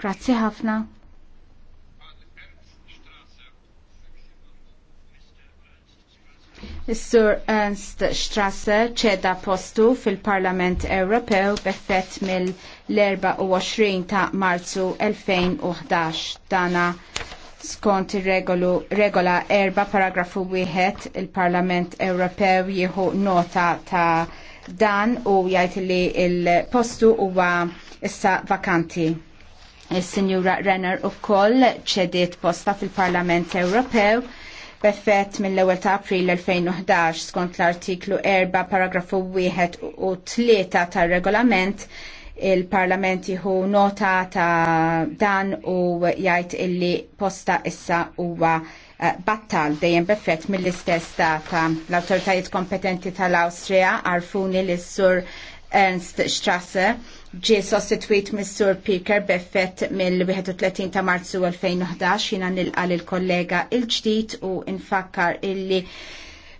Grazzi ħafna. Is-Sur Ernst Strasser ċeda postu fil-Parlament Ewropew beffett mill-24 ta' Marzu 2011 dana skont regola 4 paragrafu 1 il-Parlament Ewropew jieħu nota ta' dan u jgħid li il-postu huwa issa vakanti. Signora Renner u koll ċediet posta fil-Parlament Ewropew b'effett mill-ewwel ta' April 2011 skont l-artiklu 4 paragrafu 1 u 3 tar-regolament il-Parlament jihu nota ta' dan u jgħid illi posta issa huwa eh, battal dejjem beffett mill-istess data. L-awtoritajiet kompetenti tal-Awstrija għarfuni l-sur Ernst Strasser ġie sostitwit mis-Sur Piker beffett mill-31 ta' Marzu 2011 jina nilqa lill kollega il-ġdid u nfakkar illi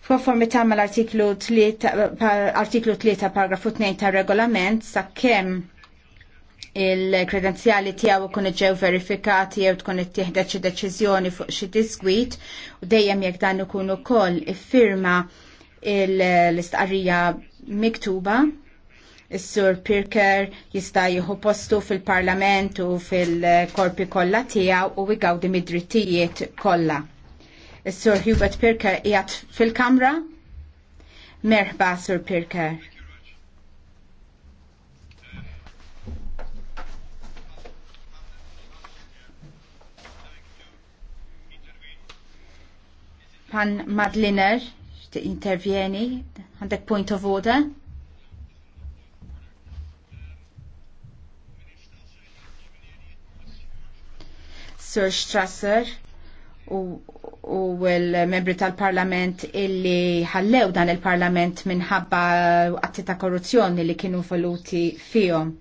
f'konformità mal-artiklu 3 paragrafu 2 ta' regolament sakemm il-kredenzjali tiegħu ikun ġew verifikati jew tkun ittieħdet xi deċiżjoni fuq xi diskwit u dejjem jekk dan ikun ukoll iffirma l-istqarrija miktuba Is-Sur Pirker jista' jieħu postu fil-Parlament u fil-korpi kollha tiegħu u jgawdi mid-drittijiet kollha. Is-Sur Hubert Pirker qiegħed fil-Kamra? Merħba Sur Pirker. Pan Madliner, intervjeni, għandek point of order? Sur Strasser u, l-membri tal-parlament illi ħallew dan il-parlament minħabba atti ta' korruzzjoni li kienu voluti fihom.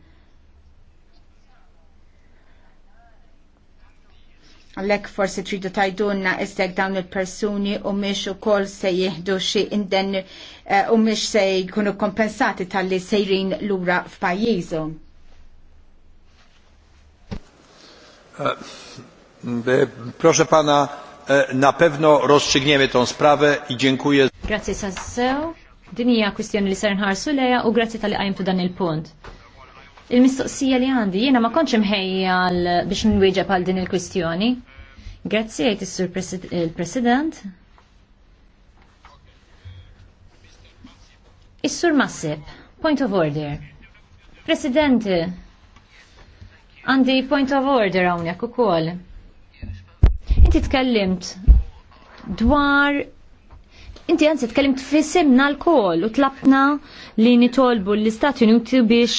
Għallek forsi tridu tajdunna istek dawn il-persuni u miex eh, u kol se jihdu xie inden u miex se jkunu kompensati tal-li sejrin l-ura f'pajjiżhom. Uh, Proszę pana, e, na pewno rozstrzygniemy tę sprawę i dziękuję. Grazie Sassew. Din hija kwistjoni li ser nħarsu leja u grazzi tal-li qajmtu dan il-punt. Il-mistoqsija li għandi, jiena ma konċem ħejja biex nwieġa pal din il-kwistjoni. Grazzi għajt il sur president il sur Massib, point of order. Presidenti, għandi point of order għawnek u kol. Inti tkellimt dwar Inti għanzi tkellimt fissimna l-kol u tlapna li nitolbu l-Istati Uniti biex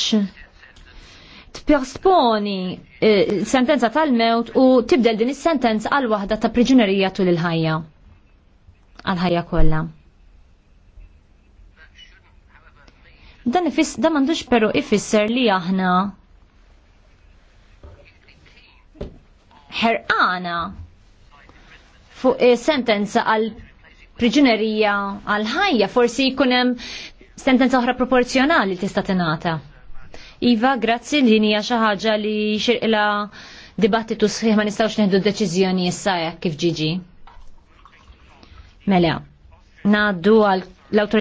t-persponi eh, sentenza tal-mewt u tibdel din is-sentenza għal waħda ta' priġunerija tul il-ħajja. Għal-ħajja kollha. Dan ifis dan m'għandux però ifisser li aħna ħerqana fuq eh, sentenza għal priġunerija għal ħajja, forsi jkun hemm sentenza oħra proporzjonali tista' tingħata. Iva, grazzi li hija xi ħaġa li xirqla dibattitu sħiħ ma nistgħux neħdu deċiżjoni issa kif ġiġi. Mela, ngħaddu għal l